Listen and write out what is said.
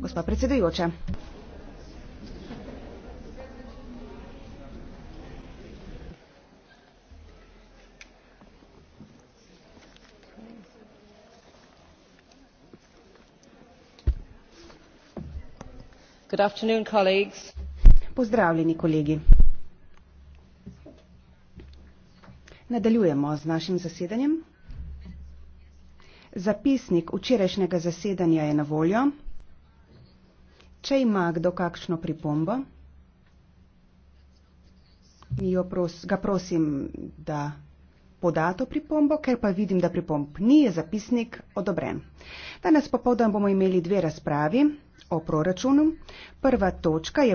gospa predsedujoča. Good afternoon, colleagues. Pozdravljeni kolegi. Nadaljujemo z našim zasedanjem. Zapisnik včerajšnjega zasedanja je na voljo. Če ima kdo kakšno pripombo, pros, ga prosim, da poda to pripombo, ker pa vidim, da pripomb ni, je zapisnik odobren. Danes popovdan bomo imeli dve razpravi o proračunu. Prva točka je.